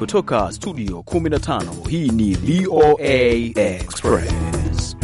kutoka studio 15 hii ni VOA Express.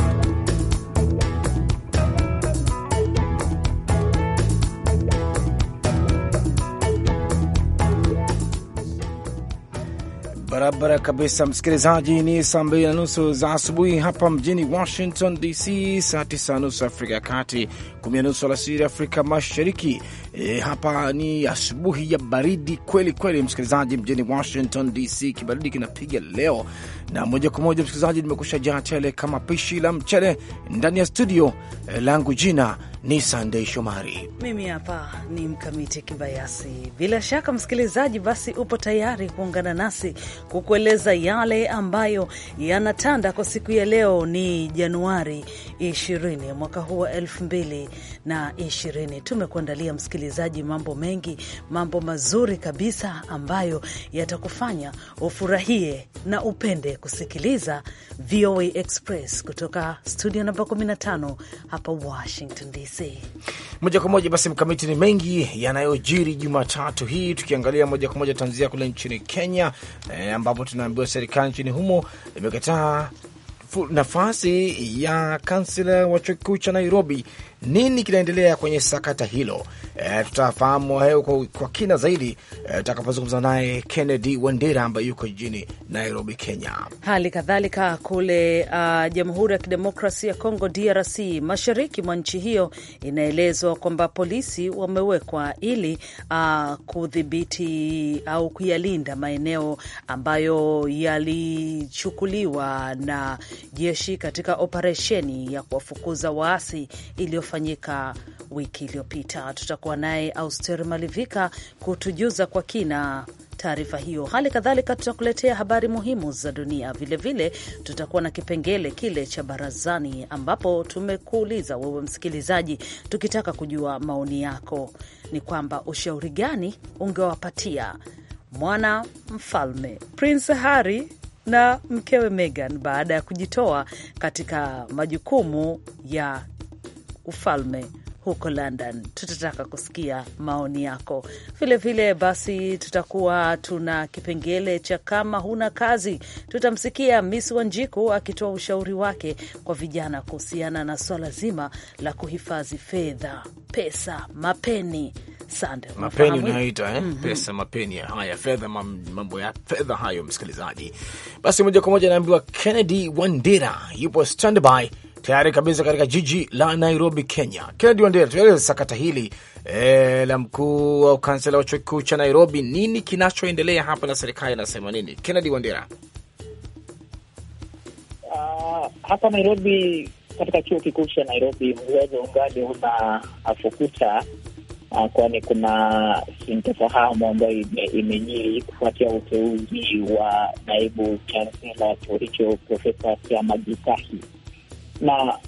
Barabara kabisa, msikilizaji. Ni saa mbili na nusu za asubuhi hapa mjini Washington DC, saa tisa na nusu Afrika ya Kati, kumi na nusu alasiri Afrika Mashariki. E, hapa ni asubuhi ya baridi kweli kweli, msikilizaji, mjini Washington DC, kibaridi kinapiga leo na moja kwa moja msikilizaji, nimekusha jaa tele kama pishi la mchele ndani ya studio eh, langu. Jina ni Sandei Shomari, mimi hapa ni Mkamiti Kibayasi. Bila shaka msikilizaji, basi upo tayari kuungana nasi kukueleza yale ambayo yanatanda kwa siku ya leo. Ni Januari 20 mwaka huu wa 2020. Tumekuandalia msikilizaji, mambo mengi, mambo mazuri kabisa ambayo yatakufanya ufurahie na upende kusikiliza VOA Express kutoka studio namba 15 hapa Washington DC moja kwa moja. Basi mkamiti, ni mengi yanayojiri Jumatatu hii, tukiangalia moja kwa moja tanzia kule nchini Kenya e, ambapo tunaambiwa serikali nchini humo imekataa nafasi ya kansela wa chuo kikuu cha Nairobi nini kinaendelea kwenye sakata hilo. E, tutafahamu hayo kwa, kwa kina zaidi e, tutakapozungumza naye Kennedy Wandera ambaye yuko jijini Nairobi, Kenya. Hali kadhalika kule uh, Jamhuri ya Kidemokrasia ya Kongo DRC, mashariki mwa nchi hiyo, inaelezwa kwamba polisi wamewekwa ili uh, kudhibiti au kuyalinda maeneo ambayo yalichukuliwa na jeshi katika operesheni ya kuwafukuza waasi iliyo uliofanyika wiki iliyopita. Tutakuwa naye Auster Malivika kutujuza kwa kina taarifa hiyo. Hali kadhalika tutakuletea habari muhimu za dunia. Vilevile vile, tutakuwa na kipengele kile cha barazani, ambapo tumekuuliza wewe msikilizaji, tukitaka kujua maoni yako ni kwamba ushauri gani ungewapatia mwana mfalme Prince Harry na mkewe Meghan baada ya kujitoa katika majukumu ya ufalme huko London. Tutataka kusikia maoni yako vilevile vile. Basi tutakuwa tuna kipengele cha kama huna kazi, tutamsikia Miss Wanjiku akitoa ushauri wake kwa vijana kuhusiana na swala zima la kuhifadhi fedha, pesa, mapeni Sande, mapeni unayoita eh? mm -hmm. Pesa mapeni, haya fedha, mambo ya fedha hayo, msikilizaji. Basi moja kwa moja anaambiwa Kennedy Wandera yupo standby tayari kabisa katika jiji la Nairobi, Kenya. Kennedy Wandera, tueleze sakata hili e, la mkuu au kansela wa chuo kikuu cha Nairobi, nini kinachoendelea hapa na serikali inasema nini? Kennedy Wandera. Uh, hapa Nairobi katika chuo kikuu cha Nairobi mzozo ungali una afukuta uh, kwani kuna sintofahamu ambayo imenyiri kufuatia uteuzi wa naibu chansela wa chuo hicho Profesa Kiama Gisahi na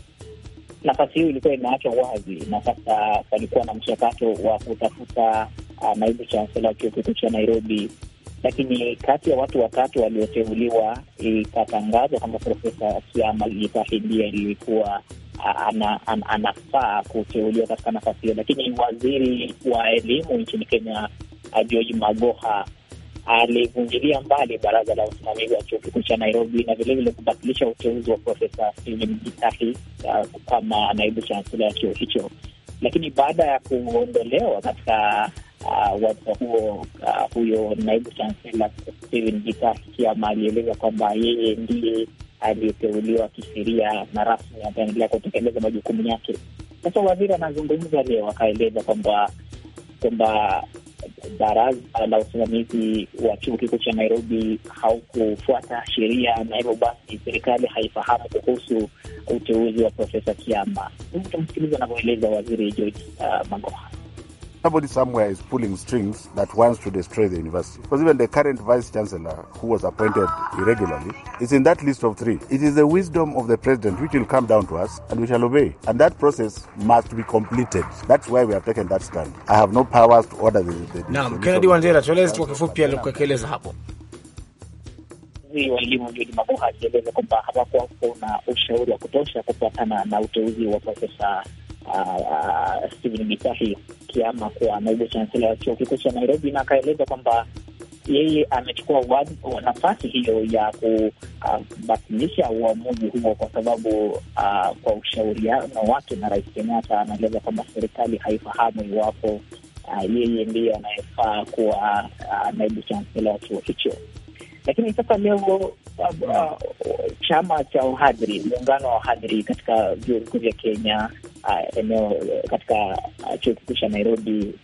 nafasi hiyo ilikuwa imeachwa wazi, na sasa palikuwa na mchakato wa kutafuta uh, naibu chansela wa chuo kikuu cha Nairobi, lakini kati ya watu watatu walioteuliwa ikatangazwa kwamba Profesa Siama Gitahi ndiye ah, ana, anafaa kuteuliwa katika nafasi hiyo, lakini waziri wa elimu nchini Kenya George ah, Magoha alivungilia mbali baraza la usimamizi wa chuo kikuu cha Nairobi na vilevile kubatilisha uteuzi wa Profesa Stephen Gitahi uh, kama naibu chansela ya chuo hicho. Lakini baada ya kuondolewa katika uh, wadhifa huo, uh, huyo naibu chansela Stephen Gitahi kiama alieleza kwamba yeye ndiye aliyeteuliwa kisheria na rasmi ataendelea kutekeleza majukumu yake. Sasa waziri anazungumza leo, akaeleza kwamba kwamba baraza la usimamizi wa chuo kikuu cha Nairobi haukufuata sheria, na hivyo basi serikali haifahamu kuhusu uteuzi wa Profesa Kiama. Tutamsikiliza anavyoeleza Waziri George uh, Magoha somebody somewhere is pulling strings that wants to destroy the university. Because even the current vice chancellor who was appointed irregularly is in that list of three. It is the wisdom of the president which will come down to us and we shall obey. And that process must be completed. That's why we have taken that stand. I have no powers to order the. the, Naam, Kennedy Wandera, tueleze kwa kifupi alikueleza hapo wa elimu George alieleza kwamba hapakuwa kuna ushauri wa kutosha kufuatana na uteuzi wa Profesa uh, uh, Stephen Gitahi Kiama kuwa naibu chansela wa chuo kikuu cha Nairobi, na akaeleza kwamba yeye amechukua nafasi hiyo ya kubatilisha uh, uamuzi huo kwa sababu uh, kwa ushauriano wake na Rais Kenyatta anaeleza kwamba serikali haifahamu iwapo uh, yeye ndiye anayefaa kuwa uh, naibu chansela wa chuo hicho. Lakini sasa leo uh, uh, chama cha uhadhiri muungano wa uhadhiri katika vyuo vikuu vya Kenya uh, eneo katika chuo kikuu cha Nairobi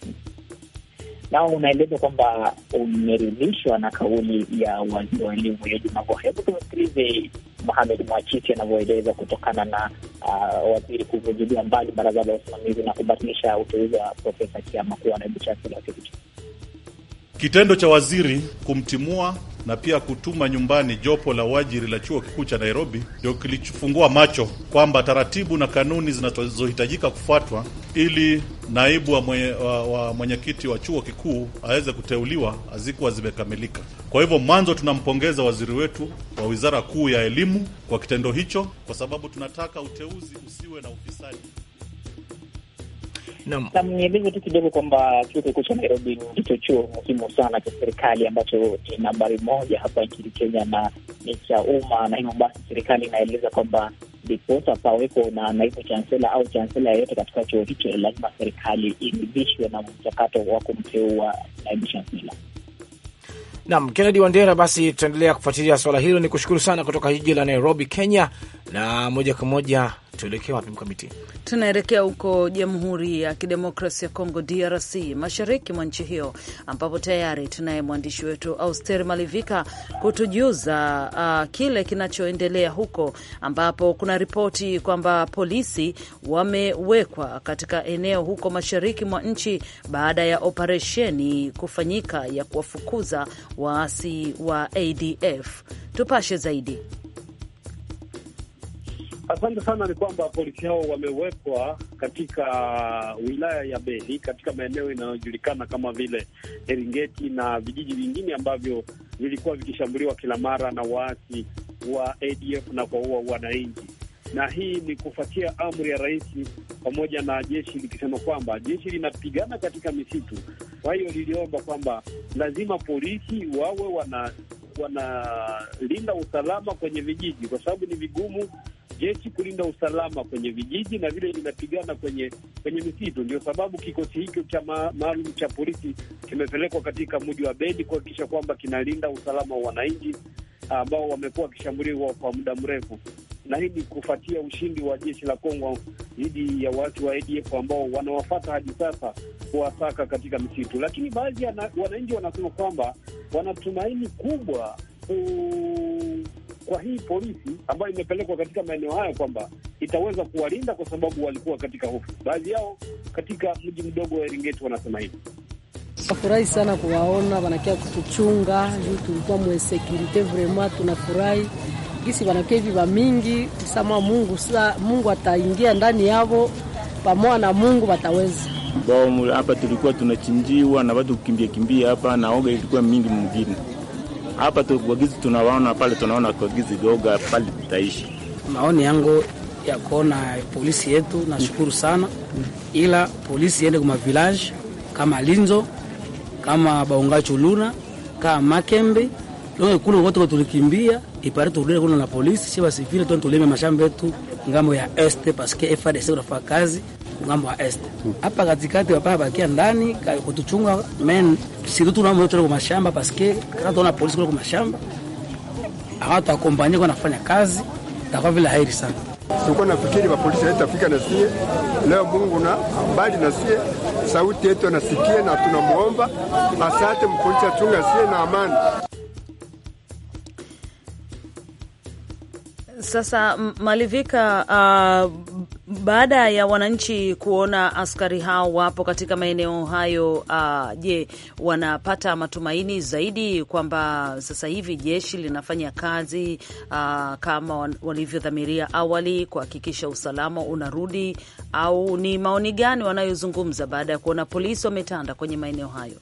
nao unaeleza kwamba umeridhishwa na kauli ya waziri wa elimu ya Juma Hebu tumsikilize Mohamed Mwachiti anavyoeleza kutokana na uh, waziri kuvujilia mbali baraza la usimamizi na kubatilisha uteuzi wa Profesa Kiama kuwa naibu chansela wa chuo hicho. Kitendo cha waziri kumtimua na pia kutuma nyumbani jopo la uajiri la chuo kikuu cha Nairobi ndio kilichofungua macho kwamba taratibu na kanuni zinazohitajika kufuatwa ili naibu wa mwenyekiti wa, wa, mwenye wa chuo kikuu aweze kuteuliwa hazikuwa zimekamilika. Kwa hivyo mwanzo, tunampongeza waziri wetu wa wizara kuu ya elimu kwa kitendo hicho, kwa sababu tunataka uteuzi usiwe na ufisadi. Nam, nieleze tu kidogo kwamba chuo kikuu cha Nairobi ndicho chuo muhimu sana cha serikali ambacho ni nambari moja hapa nchini Kenya na ni cha umma, na hivyo basi serikali inaeleza kwamba diposa pawepo na naibu chansela au chansela yeyote katika chuo hicho, lazima serikali iridhishwe na mchakato wa kumteua naibu chansela. Nam, Kennedy Wandera, basi tutaendelea kufuatilia swala hilo. Ni kushukuru sana kutoka jiji la Nairobi, Kenya na moja kwa moja tuelekea wapi Mkamiti? Tunaelekea huko Jamhuri ya Kidemokrasi ya Kongo, DRC, mashariki mwa nchi hiyo, ambapo tayari tunaye mwandishi wetu Auster Malivika kutujuza uh, kile kinachoendelea huko, ambapo kuna ripoti kwamba polisi wamewekwa katika eneo huko mashariki mwa nchi baada ya operesheni kufanyika ya kuwafukuza waasi wa ADF. Tupashe zaidi. Asante sana. Ni kwamba polisi hao wamewekwa katika wilaya ya Beni, katika maeneo yanayojulikana kama vile Eringeti na vijiji vingine ambavyo vilikuwa vikishambuliwa kila mara na waasi wa ADF na kwa ua wananchi, na hii ni kufuatia amri ya rais pamoja na jeshi likisema kwamba jeshi linapigana katika misitu. Kwa hiyo liliomba kwamba lazima polisi wawe wana wanalinda usalama kwenye vijiji, kwa sababu ni vigumu jeshi kulinda usalama kwenye vijiji na vile linapigana kwenye kwenye misitu. Ndio sababu kikosi hicho cha maalum cha polisi kimepelekwa katika mji wa Beni kuhakikisha kwamba kinalinda usalama wa wananchi ah, ambao wamekuwa wakishambuliwa kwa muda mrefu, na hii ni kufuatia ushindi wa jeshi la Kongo dhidi ya watu wa ADF ambao wanawafata hadi sasa kuwasaka katika misitu. Lakini baadhi ya wananchi wanasema kwamba wanatumaini kubwa kwa hii polisi ambayo imepelekwa katika maeneo haya kwamba itaweza kuwalinda, kwa sababu walikuwa katika hofu. Baadhi yao katika mji mdogo wa Eringeti wanasema hivi. Nafurahi sana kuwaona wanakia kutuchunga juu tulikuwa mwesekurite vrema, tunafurahi gisi wanakia hivi vamingi sama Mungu sa, Mungu ataingia ndani yavo pamoja na Mungu wataweza hapa. Tulikuwa tunachinjiwa na watu kukimbia kimbia hapa, naoga ilikuwa mingi mugini hapa tuagizi tunawaona pale, tunaona kuagizi goga pale tutaishi. Maoni yangu ya kuona polisi yetu nashukuru sana, ila polisi iende kwa village kama Linzo, kama Baungachuluna, kama Makembe kuna wote kwa tulikimbia ipare turudi kuna na polisi tu tulime mashamba yetu ngambo ya este, paske FARDC unafaa kazi ngambo ya este hapa katikati wapaa bakia ndani kutuchunga men sirutu na mmoja paske kana polisi kwa mashamba hawatu akompanye kazi takuwa vile hairi sana. Sikuwa nafikiri ba polisi yetu afika na sie leo, Mungu na mbali na sie, sauti yetu anasikia na tunamuomba asante mpolisi achunga sie na amani. Sasa Malivika, uh, baada ya wananchi kuona askari hao wapo katika maeneo hayo, uh, je, wanapata matumaini zaidi kwamba sasa hivi jeshi linafanya kazi uh, kama walivyodhamiria awali kuhakikisha usalama unarudi, au ni maoni gani wanayozungumza baada ya kuona polisi wametanda kwenye maeneo hayo?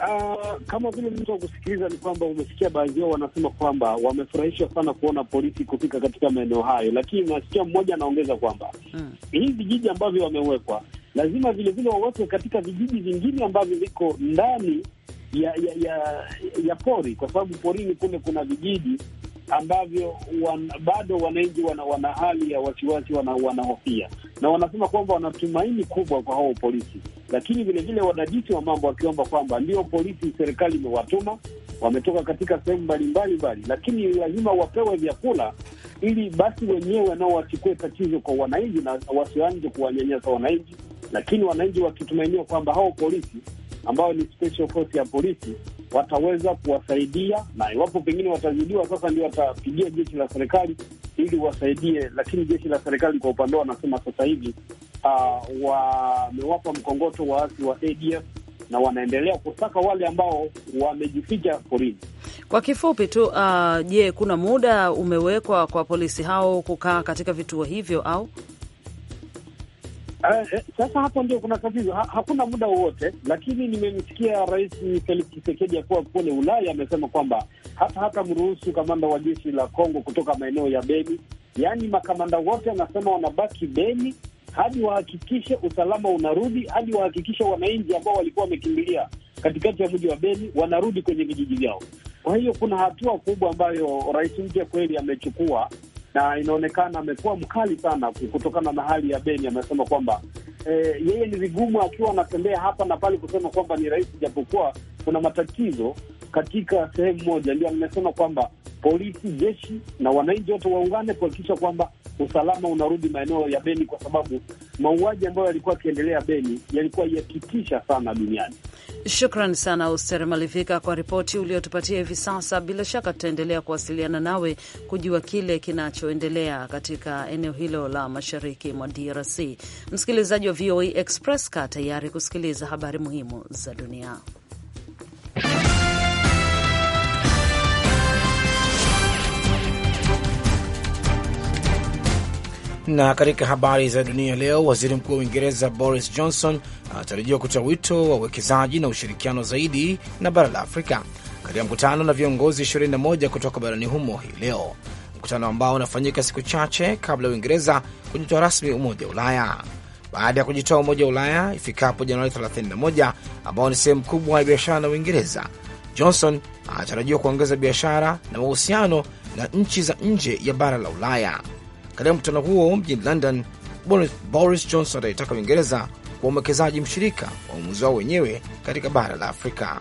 Ah, kama vile mtu wa kusikiliza ni kwamba umesikia baadhi yao wanasema kwamba wamefurahishwa sana kuona polisi kufika katika maeneo hayo, lakini nasikia mmoja anaongeza kwamba mm, hii vijiji ambavyo wamewekwa lazima vilevile wawekwe katika vijiji vingine ambavyo viko ndani ya ya, ya ya pori, kwa sababu porini kule kuna vijiji ambavyo wan, bado wananchi wana, wana hali ya wasiwasi, wanahofia na wanasema kwamba wanatumaini kubwa kwa hao polisi, lakini vilevile wadadisi wa mambo wakiomba kwamba ndio polisi serikali imewatuma wametoka katika sehemu mbalimbali mbali, lakini lazima wapewe vyakula ili basi wenyewe nao wachukue tatizo kwa wananchi na wasianze kuwanyanyasa wananchi, lakini wananchi wakitumainia kwamba hao polisi ambao ni special force ya polisi wataweza kuwasaidia, na iwapo pengine watazidiwa, sasa ndio watapigia jeshi la serikali ili wasaidie. Lakini jeshi la serikali kwa upande wao wanasema sasa hivi uh, wamewapa mkongoto waasi wa ADF na wanaendelea kusaka wale ambao wamejificha porini. Kwa kifupi tu, ah, je, uh, kuna muda umewekwa kwa polisi hao kukaa katika vituo hivyo au Eh, eh, sasa hapo ndio kuna tatizo ha, hakuna muda wowote, lakini nimemsikia Rais Felix Tshisekedi akiwa kule Ulaya amesema kwamba hata hata mruhusu kamanda wa jeshi la Kongo kutoka maeneo ya Beni, yaani makamanda wote anasema wanabaki Beni hadi wahakikishe usalama unarudi, hadi wahakikishe wananchi ambao walikuwa wamekimbilia katikati ya mji wa Beni wanarudi kwenye vijiji vyao. Kwa hiyo kuna hatua kubwa ambayo rais mpya kweli amechukua na inaonekana amekuwa mkali sana kutokana na hali ya Beni. Amesema kwamba e, yeye ni vigumu akiwa anatembea hapa na pale kusema kwamba ni rais, japokuwa kuna matatizo katika sehemu moja. Ndio amesema kwamba polisi, jeshi na wananchi wote waungane kuhakikisha kwamba usalama unarudi maeneo ya Beni, kwa sababu mauaji ambayo yalikuwa yakiendelea Beni yalikuwa yakitisha sana duniani. Shukran sana Oster Malivika kwa ripoti uliotupatia hivi sasa. Bila shaka tutaendelea kuwasiliana nawe kujua kile kinachoendelea katika eneo hilo la mashariki mwa DRC. Msikilizaji wa VOA e Express, ka tayari kusikiliza habari muhimu za dunia. Na katika habari za dunia leo, waziri mkuu wa Uingereza Boris Johnson anatarajiwa kutoa wito wa uwekezaji na ushirikiano zaidi na bara la Afrika katika mkutano na viongozi 21 kutoka barani humo hii leo, mkutano ambao unafanyika siku chache kabla ya Uingereza kujitoa rasmi Umoja wa Ulaya baada ya kujitoa Umoja wa Ulaya ifikapo Januari 31, ambao ni sehemu kubwa ya biashara na Uingereza. Johnson anatarajiwa kuongeza biashara na mahusiano na nchi za nje ya bara la Ulaya. Katika mkutano huo mjini London, Boris Johnson ataitaka Uingereza kwa mwekezaji mshirika wa uamuzi wao wenyewe katika bara la Afrika.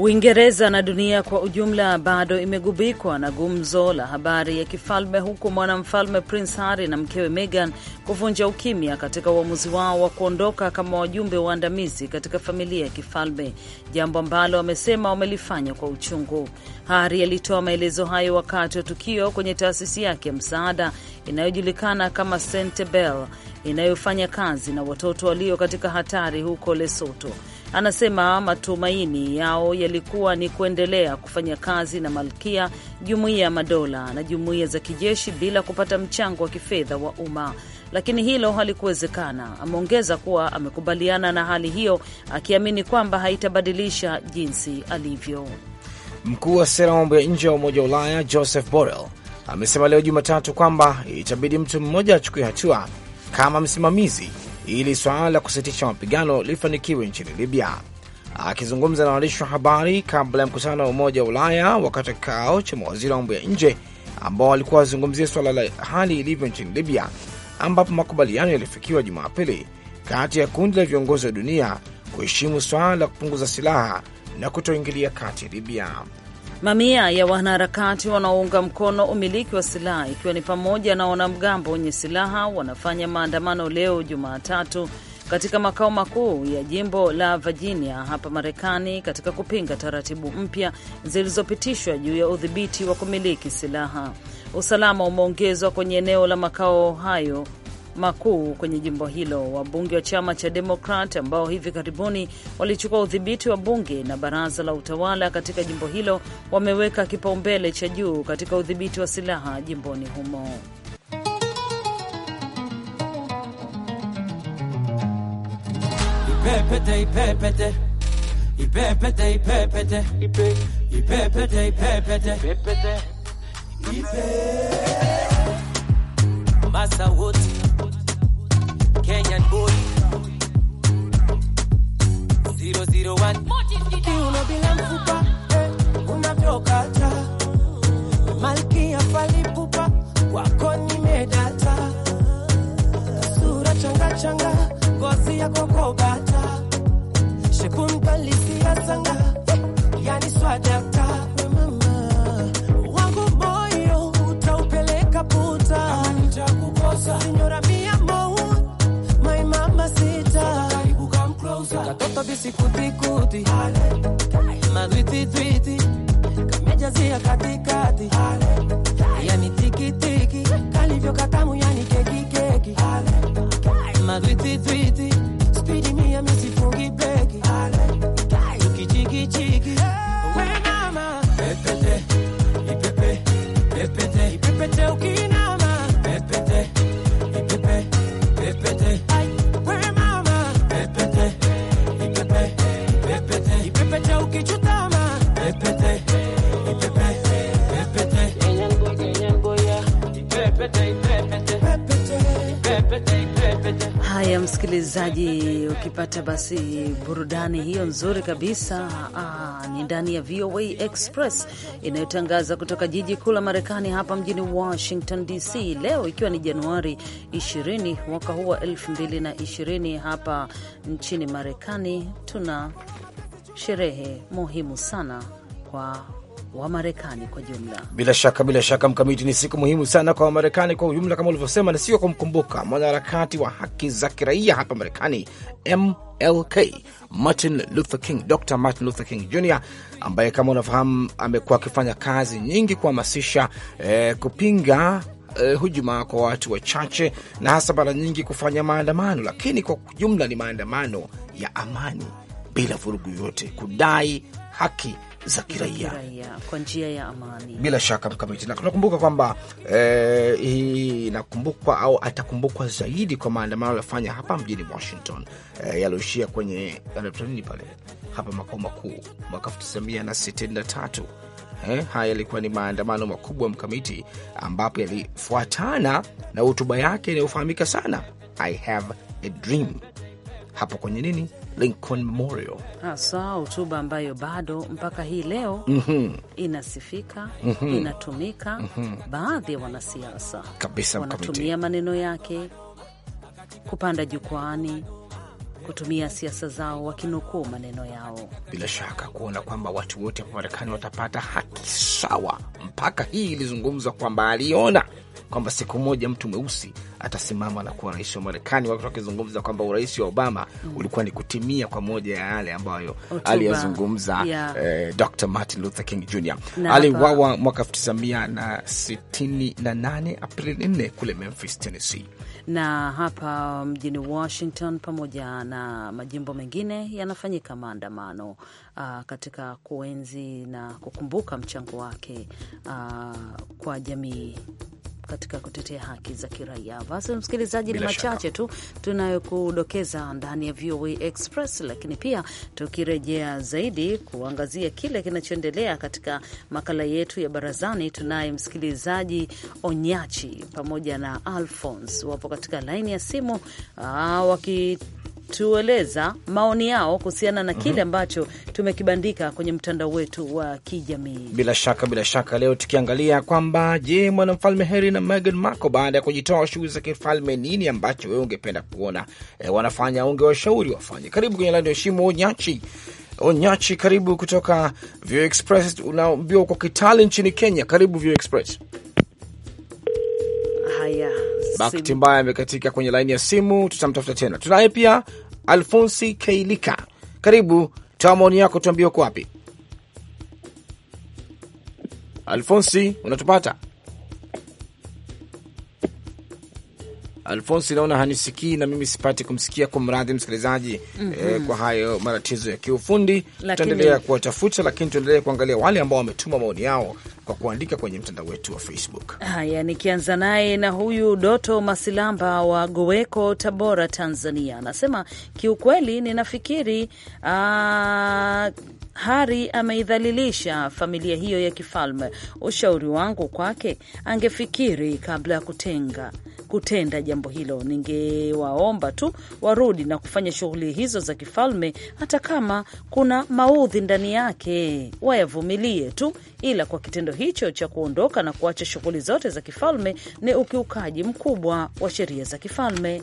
Uingereza na dunia kwa ujumla bado imegubikwa na gumzo la habari ya kifalme huku mwanamfalme Prince Harry na mkewe Meghan kuvunja ukimya katika uamuzi wao wa kuondoka kama wajumbe waandamizi katika familia ya kifalme, jambo ambalo wamesema wamelifanya kwa uchungu. Harry alitoa maelezo hayo wakati wa tukio kwenye taasisi yake ya msaada inayojulikana kama Sentebale inayofanya kazi na watoto walio katika hatari huko Lesotho. Anasema matumaini yao yalikuwa ni kuendelea kufanya kazi na Malkia, Jumuiya ya Madola na jumuiya za kijeshi bila kupata mchango wa kifedha wa umma, lakini hilo halikuwezekana. Ameongeza kuwa amekubaliana na hali hiyo, akiamini kwamba haitabadilisha jinsi alivyo. Mkuu wa sera mambo ya nje wa Umoja wa Ulaya Joseph Borrell amesema leo Jumatatu kwamba itabidi mtu mmoja achukue hatua kama msimamizi ili swala la kusitisha mapigano lifanikiwe nchini Libya. Akizungumza na waandishi wa habari kabla ya mkutano wa Umoja wa Ulaya wakati wa kikao cha mawaziri wa mambo ya nje ambao walikuwa wazungumzia swala la hali ilivyo nchini Libya, ambapo makubaliano yalifikiwa Jumapili kati ya kundi la viongozi wa dunia kuheshimu swala la kupunguza silaha na kutoingilia kati Libya. Mamia ya wanaharakati wanaounga mkono umiliki wa silaha ikiwa ni pamoja na wanamgambo wenye silaha wanafanya maandamano leo Jumatatu katika makao makuu ya jimbo la Virginia hapa Marekani katika kupinga taratibu mpya zilizopitishwa juu ya udhibiti wa kumiliki silaha. Usalama umeongezwa kwenye eneo la makao hayo makuu kwenye jimbo hilo. Wabunge wa chama cha Demokrat ambao hivi karibuni walichukua udhibiti wa bunge na baraza la utawala katika jimbo hilo wameweka kipaumbele cha juu katika udhibiti wa silaha jimboni humo. Ipepete, ipepete. Ipepete, ipepete. Ipepete, ipepete. Ipepete. Kenyan boy 001 sikutikuti madwititwiti kamejazia katikati msikilizaji, ukipata basi burudani hiyo nzuri kabisa. Aa, ah, ni ndani ya VOA Express inayotangaza kutoka jiji kuu la Marekani hapa mjini Washington DC, leo ikiwa ni Januari 20 mwaka huu wa 2020. Hapa nchini Marekani tuna sherehe muhimu sana kwa wa Marekani kwa jumla. Bila shaka, bila shaka Mkamiti, ni siku muhimu sana kwa Wamarekani kwa ujumla kama ulivyosema, na sio kumkumbuka mwanaharakati wa haki za kiraia hapa Marekani MLK, Martin Luther King, Dr Martin Luther King Jr, ambaye kama unafahamu amekuwa akifanya kazi nyingi kuhamasisha eh, kupinga eh, hujuma kwa watu wachache na hasa mara nyingi kufanya maandamano, lakini kwa jumla ni maandamano ya amani bila vurugu yote, kudai haki za kiraia kwa njia ya amani. Bila shaka mkamiti, na tunakumbuka kwamba eh, hii inakumbukwa au atakumbukwa zaidi kwa maandamano aliyofanya hapa mjini Washington eh, yaliyoishia kwenye anatnini pale hapa makao makuu mwaka 1963. Eh, haya yalikuwa ni maandamano makubwa mkamiti, ambapo yalifuatana na hotuba yake inayofahamika sana I have a dream hapo kwenye nini Lincoln Memorial, hasa hotuba ambayo bado mpaka hii leo mm -hmm. inasifika mm -hmm. inatumika mm -hmm. baadhi ya wanasiasa kabisa wanatumia maneno yake kupanda jukwaani kutumia siasa zao wakinukuu maneno yao, bila shaka kuona kwamba watu wote hapa Marekani watapata haki sawa. Mpaka hii ilizungumzwa kwamba aliona kwamba siku moja mtu mweusi atasimama na kuwa rais wa Marekani, wakati wakizungumza kwamba urais wa Obama mm. ulikuwa ni kutimia kwa moja ya yale ambayo aliyazungumza yeah. eh, Dr Martin Luther King Jr aliwawa mwaka 1968 Aprili 4 kule Memphis, Tennessee na hapa mjini Washington pamoja na majimbo mengine yanafanyika maandamano uh, katika kuenzi na kukumbuka mchango wake uh, kwa jamii katika kutetea haki za kiraia. Basi msikilizaji, ni machache tu tunayokudokeza ndani ya VOA Express, lakini pia tukirejea zaidi kuangazia kile kinachoendelea katika makala yetu ya barazani, tunaye msikilizaji Onyachi pamoja na Alphonse wapo katika laini ya simu aa, ah, waki kutueleza maoni yao kuhusiana na mhm. kile ambacho tumekibandika kwenye mtandao wetu wa kijamii. Bila shaka, bila shaka, leo tukiangalia kwamba je, mwanamfalme Harry na Meghan Markle baada ya kujitoa shughuli za kifalme, nini ambacho wewe ungependa kuona e, wanafanya, ungewashauri wafanye? Karibu kwenye laini ya Nyachi Onyachi, karibu kutoka Vio Express, unaambiwa uko Kitale nchini Kenya. Karibu Vio Express. Haya, Bahati mbaya amekatika kwenye laini ya simu, tutamtafuta tena. Tunaye pia Alfonsi Keilika, karibu, toa maoni yako, tuambie uko wapi. Alfonsi, unatupata? Alfonsi naona hanisikii na mimi sipati kumsikia. Kwa mradhi msikilizaji, mm -hmm. eh, kwa hayo matatizo ya kiufundi tutaendelea kuwatafuta, lakini tuendelee kuangalia wale ambao wametuma maoni yao kwa kuandika kwenye mtandao wetu wa Facebook. Haya, nikianza naye na huyu Doto Masilamba wa Goweko, Tabora, Tanzania, anasema kiukweli, ninafikiri ah, Hari ameidhalilisha familia hiyo ya kifalme. Ushauri wangu kwake, angefikiri kabla ya kutenga kutenda jambo hilo. Ningewaomba tu warudi na kufanya shughuli hizo za kifalme, hata kama kuna maudhi ndani yake, wayavumilie tu, ila kwa kitendo hicho cha kuondoka na kuacha shughuli zote za kifalme ni ukiukaji mkubwa wa sheria za kifalme.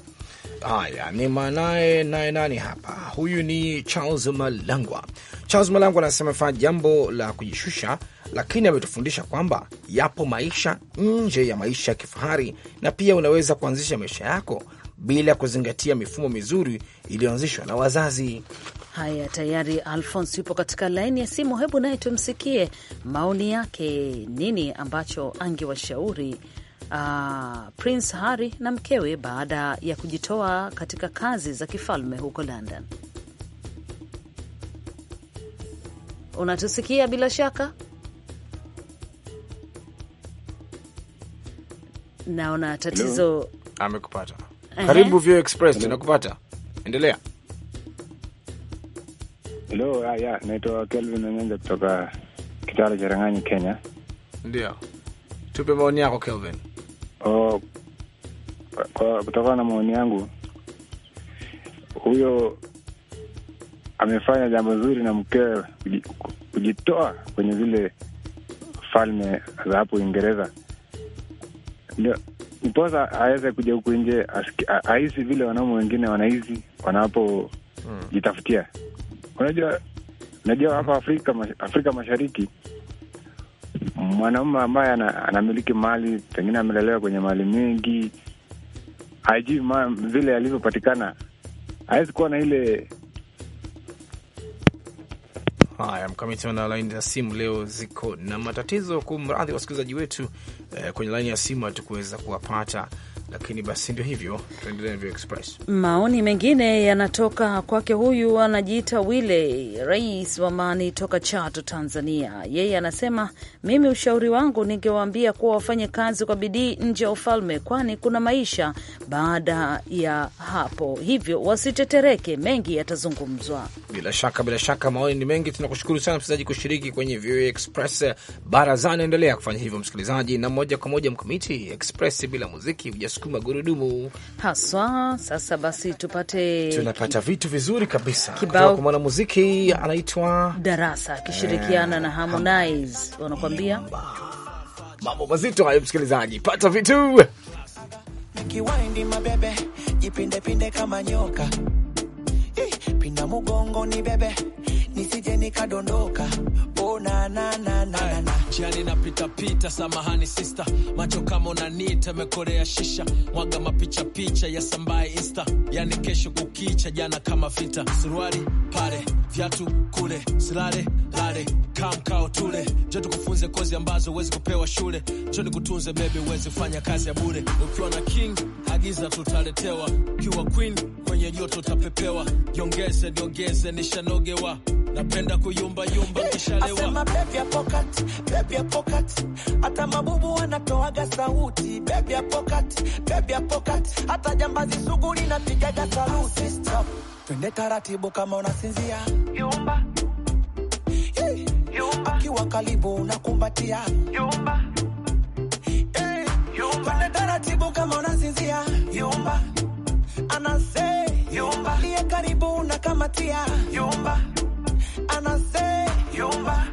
Haya, ni manaye naye nani hapa? Huyu ni Charles Malangwa. Charles Malangwa anasema amefanya jambo la kujishusha, lakini ametufundisha kwamba yapo maisha nje ya maisha ya kifahari, na pia unaweza kuanzisha maisha yako bila kuzingatia mifumo mizuri iliyoanzishwa na wazazi. Haya, tayari Alfons yupo katika laini ya simu. Hebu naye tumsikie maoni yake, nini ambacho angewashauri uh, Prince Harry na mkewe baada ya kujitoa katika kazi za kifalme huko London. Unatusikia bila shaka? Naona tatizo. Amekupata. Karibu Vio Express, tunakupata. Endelea. Hello, yeah, naitwa Kelvin Onyenje kutoka cha Rang'anyi, Kenya. Ndio, tupe maoni yako Kelvin kwa kutokana na maoni yangu, huyo amefanya jambo zuri na mkewe kujitoa kwenye zile falme za hapo Uingereza, ndio mposa aweze kuja huku nje ahisi vile wanaume wengine wanahisi wanapojitafutia. Hmm. Unajua, unajua hapa Afrika, Afrika Mashariki mwanaume ambaye anamiliki mali, pengine amelelewa kwenye mali mingi, hajui vile alivyopatikana, hawezi kuwa na ile Haya, mkamiti na laini za simu leo ziko na matatizo. Kumradhi wasikilizaji wetu eh, kwenye laini ya simu hatukuweza kuwapata lakini basi ndio hivyo, tuendelee na Express. Maoni mengine yanatoka kwake, huyu anajiita Wile Rais wa Mani toka Chato, Tanzania. Yeye anasema mimi, ushauri wangu ningewaambia kuwa wafanye kazi kwa bidii nje ya ufalme, kwani kuna maisha baada ya hapo, hivyo wasitetereke, mengi yatazungumzwa. Bila shaka, bila shaka, maoni ni mengi. Tunakushukuru sana msikilizaji kushiriki kwenye VOA Express barazani. Endelea kufanya hivyo msikilizaji, na moja kwa moja mkamiti Express bila muziki ujas yanasukuma gurudumu haswa. Sasa basi, tupate tunapata vitu vizuri kabisa kwa mwanamuziki anaitwa Darasa akishirikiana na eh, Harmonize wanakuambia mambo mazito hayo. Msikilizaji, pata vitu nikiwaindi mabebe jipindepinde kama nyoka eh, pinda bebe nisije nikadondoka na na, na, na, na, na. Chiani na pita pita, samahani sister, macho kama unanita mekorea shisha, mwaga mapicha picha ya sambaye insta, yani kesho kukicha, jana kama vita, suruali pale, viatu kule, silale lale kamkao tule, njo tukufunze kozi ambazo huwezi kupewa shule, njo nikutunze bebi, uwezi fanya kazi ya bure. Ukiwa na king agiza, tutaletewa. Ukiwa queen kwenye joto utapepewa. Jongeze niongeze, nishanogewa napenda kuyumbayumba kishalewa. Bebi ya pocket, bebi ya pocket, hata mabubu wanatoaga sauti. Bebi ya pocket, bebi ya pocket, hata jambazi suguli na pigaga saluti. Twende taratibu kama unasinzia yumba ukiwa karibu kumbatia yumba, eh, yumba. Pande taratibu kama unasinzia yumba, anase yumba, liye karibu na kamatia yumba, anase yumba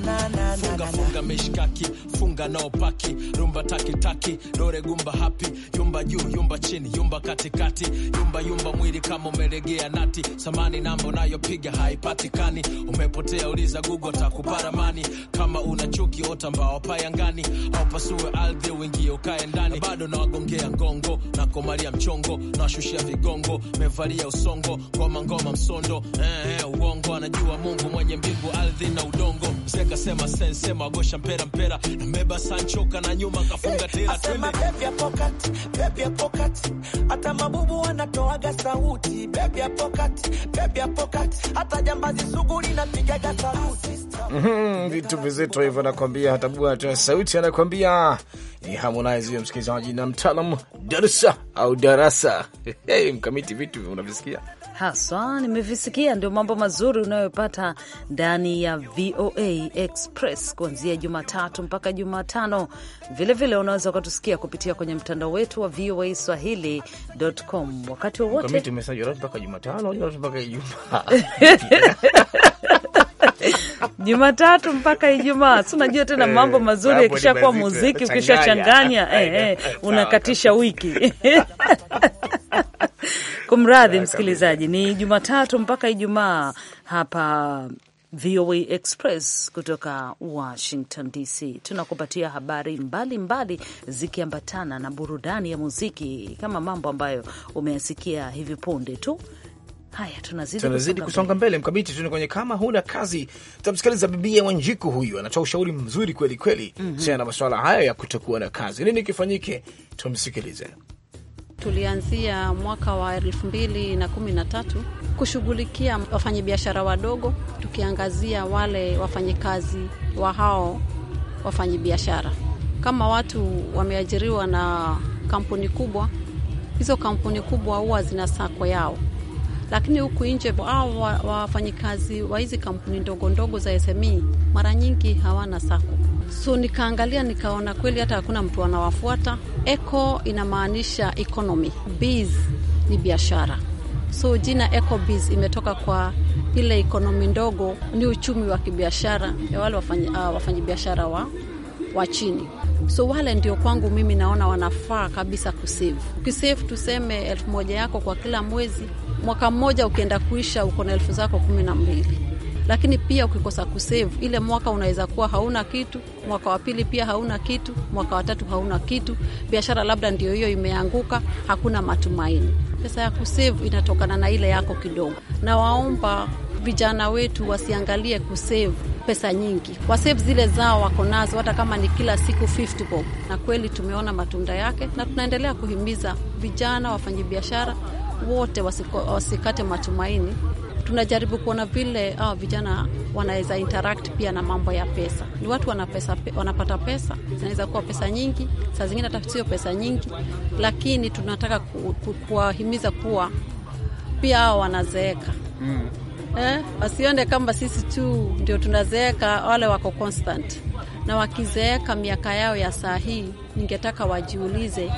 funga funga mishkaki funga nao paki rumba takitaki dore gumba hapi yumba juu yumba chini yumba katikati yumba yumba mwili kama umelegea nati samani namba unayopiga haipatikani umepotea uliza Google takuparamani kama una chuki ota mbao payangani au pasue ardhi uingie ukae ndani bado nawagongea ngongo na komalia mchongo nawashushia vigongo mevalia usongo ngoma ngoma msondo eh, eh, uongo anajua Mungu mwenye mbingu ardhi na udongo Mse kacheka sema sense magosha mpera mpera na meba Sancho kana nyuma kafunga eh, tena tena baby ya pocket baby pocket hata mabubu wanatoaga sauti baby pocket baby pocket hata jambazi sugu linapigaga sauti Mhm, vitu vizito hivyo, hata bua tena sauti, anakwambia ni e, Harmonize msikilizaji na mtaalam darasa au darasa. Hey, mkamiti vitu unavisikia haswa, nimevisikia. Ndio mambo mazuri unayopata ndani ya VOA Express kuanzia Jumatatu mpaka Jumatano. Vilevile unaweza ukatusikia kupitia kwenye mtandao wetu wa VOA Swahili.com wakati wowote mpaka Jumatano mpaka Ijumaa Jumatatu mpaka Ijumaa. Si unajua tena eh, mambo mazuri yakishakuwa muziki, ukishachanganya eh, eh, unakatisha wiki kumradhi msikilizaji, ni Jumatatu mpaka Ijumaa hapa VOA Express kutoka Washington DC, tunakupatia habari mbalimbali zikiambatana na burudani ya muziki kama mambo ambayo umeyasikia hivi punde tu Haya, tunazidi tunazidi kusonga mbele, mkabiti tuni kwenye kama huna kazi. tamsikiliza bibia Wanjiku, huyu anatoa ushauri mzuri kweli kweli mm -hmm. na masuala haya ya kutokuwa na kazi, nini kifanyike? Tumsikilize. Tulianzia mwaka wa elfu mbili na kumi na tatu kushughulikia wafanyabiashara wadogo, tukiangazia wale wafanyikazi wa hao wafanyabiashara. Kama watu wameajiriwa na kampuni kubwa, hizo kampuni kubwa huwa zina sako yao lakini huku nje hao wafanyikazi wa hizi kampuni ndogo ndogo za SME mara nyingi hawana sako. So nikaangalia nikaona kweli hata hakuna mtu anawafuata. Eco inamaanisha economy, biz ni biashara. So jina ecobiz imetoka kwa ile ekonomi ndogo, ni uchumi wa kibiashara ya wale wafanyabiashara uh, wafanyi ah, wa wa chini. So wale ndio kwangu mimi naona wanafaa kabisa kusave. Ukisave tuseme elfu moja yako kwa kila mwezi, mwaka mmoja ukienda kuisha uko na elfu zako kumi na mbili. Lakini pia ukikosa kusave, ile mwaka unaweza kuwa hauna kitu, mwaka wa pili pia hauna kitu, mwaka wa tatu hauna kitu, biashara labda ndio hiyo imeanguka, hakuna matumaini. Pesa ya kusave inatokana na ile yako kidogo, nawaomba vijana wetu wasiangalie kusave pesa nyingi, wasave zile zao wako nazo, hata kama ni kila siku 50 bob. Na kweli tumeona matunda yake, na tunaendelea kuhimiza vijana wafanyabiashara wote wasiko, wasikate matumaini. Tunajaribu kuona vile ah, vijana wanaweza interact pia na mambo ya pesa. Ni watu wanapesa, wanapata pesa, zinaweza kuwa pesa nyingi, saa zingine hata sio pesa nyingi, lakini tunataka kuwahimiza kuwa pia hao wanazeeka mm eh, wasione kama sisi tu ndio tunazeeka. Wale wako constant na wakizeeka miaka yao ya saa hii, ningetaka wajiulize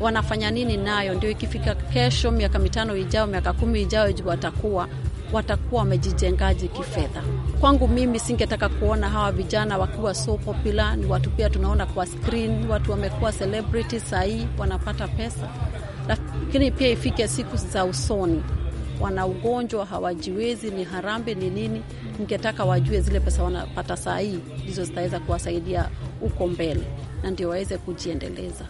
wanafanya nini nayo, ndio ikifika kesho, miaka mitano ijao, miaka kumi ijao, watakuwa watakuwa wamejijengaji kifedha. Kwangu mimi, singetaka kuona hawa vijana wakiwa so popular. Ni watu pia tunaona kwa screen, watu wamekuwa celebrity sahii, wanapata pesa, lakini pia ifike siku za usoni wana ugonjwa hawajiwezi, ni harambe ni nini, ningetaka wajue zile pesa wanapata saa hii ndizo zitaweza kuwasaidia huko mbele na ndio waweze kujiendeleza.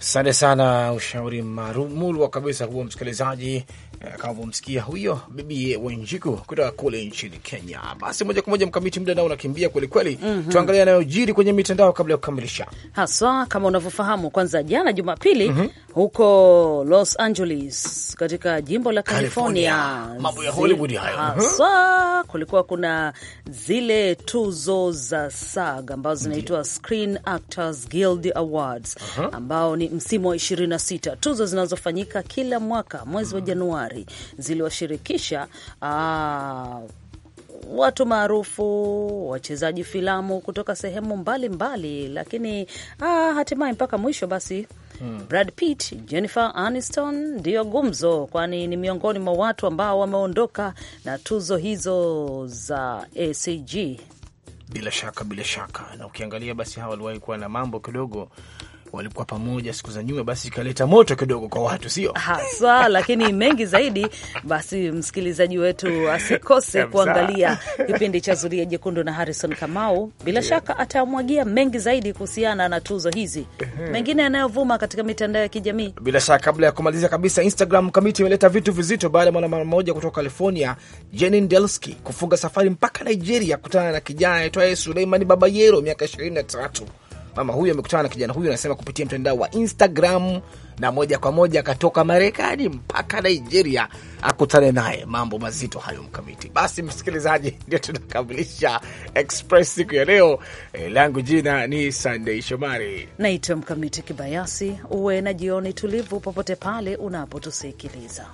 Asante sana, ushauri marumurwa kabisa huo, msikilizaji. Eh, kama umemsikia huyo bibi Wenjiku kutoka kule nchini Kenya. Basi moja kwa moja mkamiti, mda nao unakimbia kwelikweli. mm -hmm. Tuangalia yanayojiri kwenye mitandao kabla ya kukamilisha haswa. Kama unavyofahamu, kwanza jana Jumapili, mm -hmm. huko Los Angeles katika jimbo la California, California. mambo ya Hollywood hayo haswa, mhm. kulikuwa kuna zile tuzo za SAG ambazo zinaitwa Screen Actors Guild Awards, ambao ni msimu wa 26. Tuzo zinazofanyika kila mwaka mwezi wa Januari ziliwashirikisha ah, watu maarufu, wachezaji filamu kutoka sehemu mbalimbali mbali, lakini ah, hatimaye mpaka mwisho basi Hmm. Brad Pitt, Jennifer Aniston ndiyo gumzo, kwani ni miongoni mwa watu ambao wameondoka na tuzo hizo za ACG. Bila shaka bila shaka, na ukiangalia basi hawa waliwahi kuwa na mambo kidogo walikuwa pamoja siku za nyuma, basi ikaleta moto kidogo kwa watu, sio haswa lakini mengi zaidi. Basi msikilizaji wetu asikose kuangalia kipindi cha Zulia Jekundu na Harrison Kamau, bila yeah, shaka atamwagia mengi zaidi kuhusiana na tuzo hizi mhm. mengine yanayovuma katika mitandao ya kijamii. Bila shaka, kabla ya kumalizia kabisa, Instagram kamiti imeleta vitu vizito baada ya mwanamama mmoja kutoka California, Jenin Delski, kufunga safari mpaka Nigeria kutana na kijana aitwaye Suleiman Babayero, miaka tatu mama huyu amekutana na kijana huyu, anasema kupitia mtandao wa Instagram, na moja kwa moja akatoka Marekani mpaka Nigeria akutane naye. Mambo mazito hayo, Mkamiti. Basi msikilizaji, ndio tunakamilisha Express siku ya leo. E, langu jina ni Sandei Shomari, naitwa Mkamiti Kibayasi. Uwe na jioni tulivu popote pale unapotusikiliza.